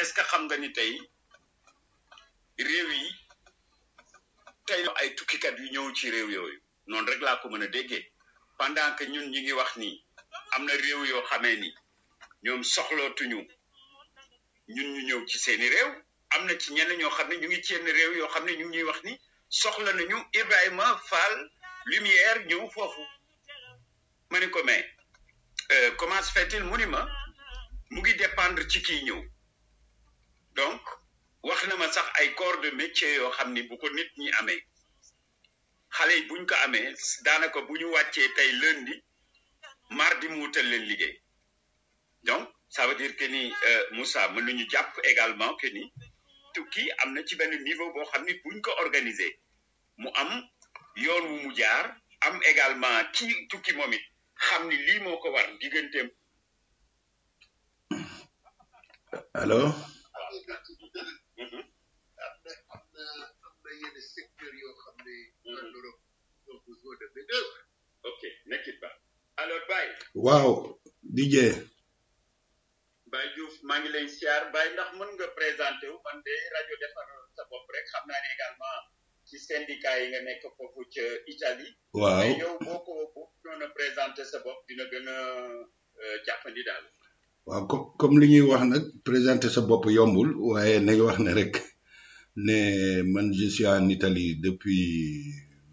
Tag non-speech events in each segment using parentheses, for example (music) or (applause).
est-ce que xam nga ni tey réew yi tey ay tukkikat yu ñëw ci réew yooyu noonu rek laa ko mën a déggee pendant que ñun ñi ngi wax ni am na réew yoo xamee ni ñoom soxlootuñu ñun ñu ñëw ci seeni réew am na ci ñenn ñoo xam ne ñu ngi ci yenn réew yoo xam ne ñu ngi ñuy wax ni soxla nañu Ibrahima Fall lumière ñëw foofu ma ni ko mais euh, comment se il mu ni ma mu ngi dépendre ci kii ñëw donc wax na ma sax ay corps de métier yoo xam ni bu ko nit ñi amee xale yi buñ ko amee daanaka bu ñu wàccee tey lundi mardi mu wutal leen liggéey donc ça veut dire que ni euh, Moussa mën nañu jàpp également que ni tukki am na ci benn niveau boo xam ni buñ ko organiser mu am yoon wu mu jaar am également ki tukki moom it xam ni lii moo ko war digganteem. allo. Ok, n'inquiète pas. naked ba. Alors, Baye. Waaw, DJ. Baye Diouf maa ngi lay siyaar Baye ndax mën nga présenté wu man de rajo defar sa bopp rek xam naa également qui syndicat yi nga nekk foofu ca Italie. waaw mais yow boo ko présenter doon présenté sa bopp dina gën a euh, jàppandi daal. waaw comme comme li ñuy wax nag présenté sa bopp yombul waaye nañ wax ne rek ne man je suis en Italie depuis.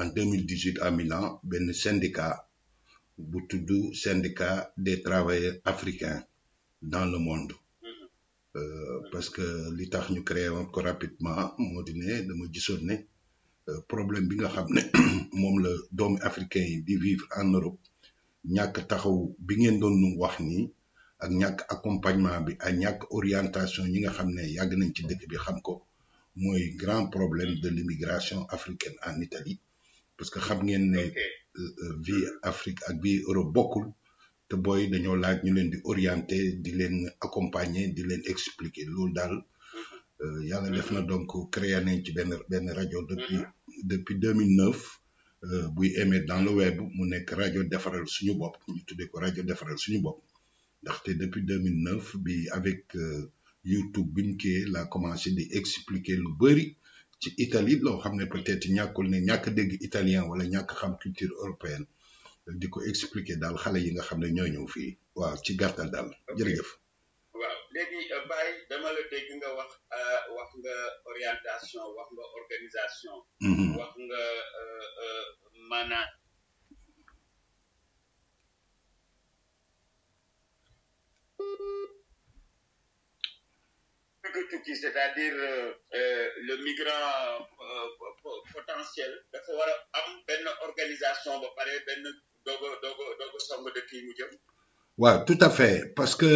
en 2018 à Milan ben syndicat bu tudd syndicat des travailleurs africains dans le monde mm-hmm. euh, parce que li tax ñu créé ko rapidement moo me ne dama gisoon euh, problème bi nga xam ne (coughs) moom la africain yi di vivre en Europe ñàkk taxaw bi ngeen doon wax nii ak ñàkk accompagnement bi ak orientation yi nga xam ne nañ ci bi xam ko grand problème de l'immigration africaine en Italie parce que xam ngeen ne euh, euh, vie Afrique ak bi Europe bokkul te boy dañoo laaj ñu leen di orienter di leen accompagner di leen expliquer loolu daal euh, yàlla def na donc créé nañ ci benn benn rajo depuis mhm. depuis 2009 buy aimé dans le web mu nekk rajo defaral suñu bopp ñu tuddee ko rajo defaral suñu bopp ndaxte depuis 2009 bi avec YouTube bi ñu kii la commencé di expliquer lu bëri ci Italie loo xam peut-être ñakul né ñak dégg italien wala ñak xam culture européenne diko expliquer dal xale yi nga xamné ne ñoo ñëw fii waaw ci gàttal dal jërëjëf. waaw légui euh, bay dama la dégg nga wax euh, wax nga orientation wax nga organisation. Mm-hmm. wax nga euh, maanaam. c'est-à-dire le migrant euh, euh, potentiel dafa war a am benn organisation ba pare benn doog a de kii mu jëm. waaw tout à fait parce que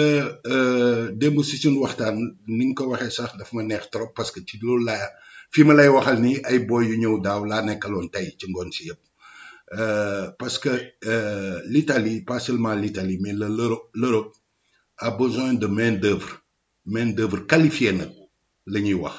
euh, démb si suñu waxtaan ni nga ko waxee sax daf ma neex trop parce que ci loolu laa fi ma lay waxal nii ay boy yu ñëw daaw laa nekkaloon tey ci ngoon si yëpp parce que l'Italie pas seulement l'Italie mais le l'Europe a besoin de main d'œuvre main d'œuvre qualifiée nag la ñuy wax.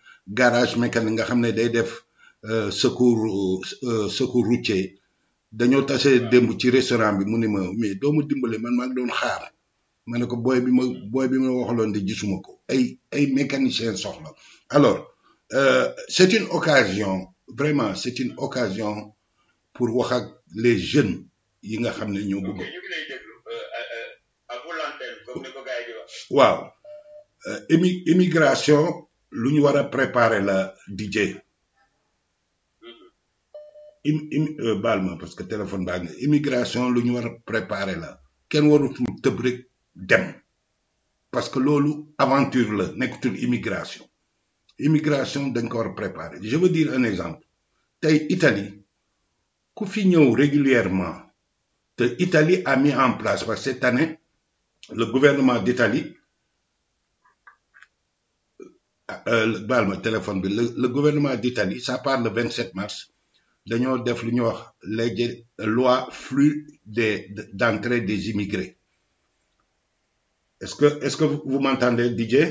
garage mécanique nga xamné day def euh, secours euh, secours routier dañu tassé démb ci restaurant bi mu ma mais doo ma dimbale man maa ngi doon xaar mané ko boy bi ma booy bi ma waxalon de gisuma ko ay ay mécanicien soxla alors euh, c'est une occasion vraiment c'est une occasion pour wax ak les jeunes yi nga xamné ñoo bëgg euh, waaw euh, immigration luñu wara a préparer la DJ im im euh, parce que téléphone ba immigration luñu wara a préparer la ken warutul teub rek dem parce que lolu aventure la nekkutul immigration immigration dañ ko je veux dire un exemple tay Italie ku fi régulièrement te Italie a mis en place parce cette année le gouvernement d'Italie euh, ma téléphone bi le le gouvernement d'Italie ça part le 27 mars dañoo def lu ñuy wax les loi flux des d'entrée des immigrés est-ce que est-ce que vous vous m'entendez Didier.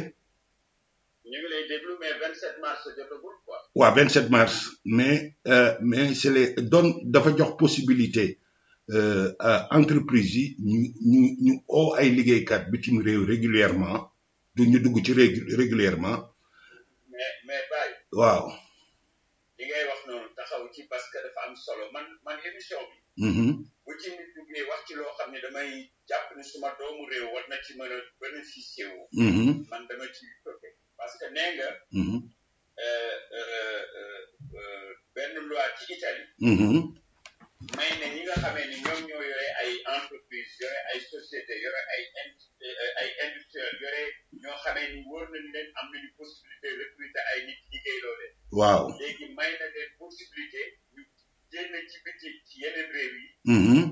ñu ngi lay déglu mais 27 mars jotagul quoi. ouais 27 mars mais euh, mais c'est les donne dafa jox possibilité euh, entreprise yi ñu ñu ñu oo ay liggéeykat bitim réew régulièrement du ñu dugg ci régulièrement mais mais Baye. waaw. li ngay wax noonu taxaw ci parce que dafa am solo man man émission bi. Mm-hmm. bu ci nit duggee wax ci loo xam ne damay jàpp ne suma doomu réew war na ci mën a bénéficier wu. Mm-hmm. man dama ci toppe parce que nee nga. Mm-hmm. Euh, euh, euh, benn loi ci Italie. may ne ñi nga xamee ni ñoom yore ay entreprise yore ay société yore ay ay yore ñoo xamee ni wóor nañ leen am nañu post waaw léegi may na leen mm-hmm.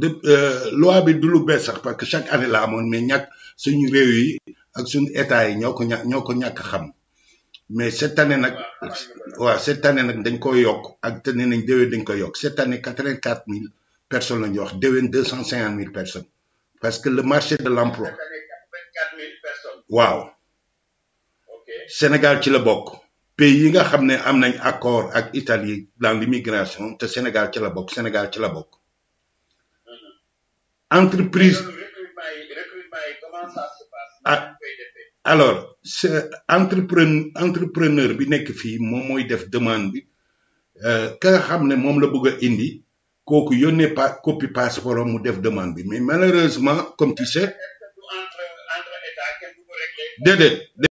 de taille euh, bi du lu bees sax par que chaque année la amoon mais ñàkk suñu réew yi ak suñu état yi ñoo ko ña ñoo ko ñàkk xam. mais cette année nag waaw cette année nag dañ koy yokk ak te nee nañ déwén dañ koy yokk cette année quatre vingt quatre mille personnes l'ont dit, 250 000 personnes. Parce que le marché de l'emploi. 24 000 personnes. Wow. Okay. Sénégal, c'est le pays qui a un accord avec l'Italie dans l'immigration. C'est Sénégal, c'est mhm. le Sénégal, c'est le mm -hmm. Entreprise. Alors, ce entrepreneur, entrepreneur bi nek fi mom moy def demande bi euh ka xamne mom la bëgg indi kooku yónnee pa copie passeport mu def demande bi mais malheureusement comme tu sais entre entre état régler déedéet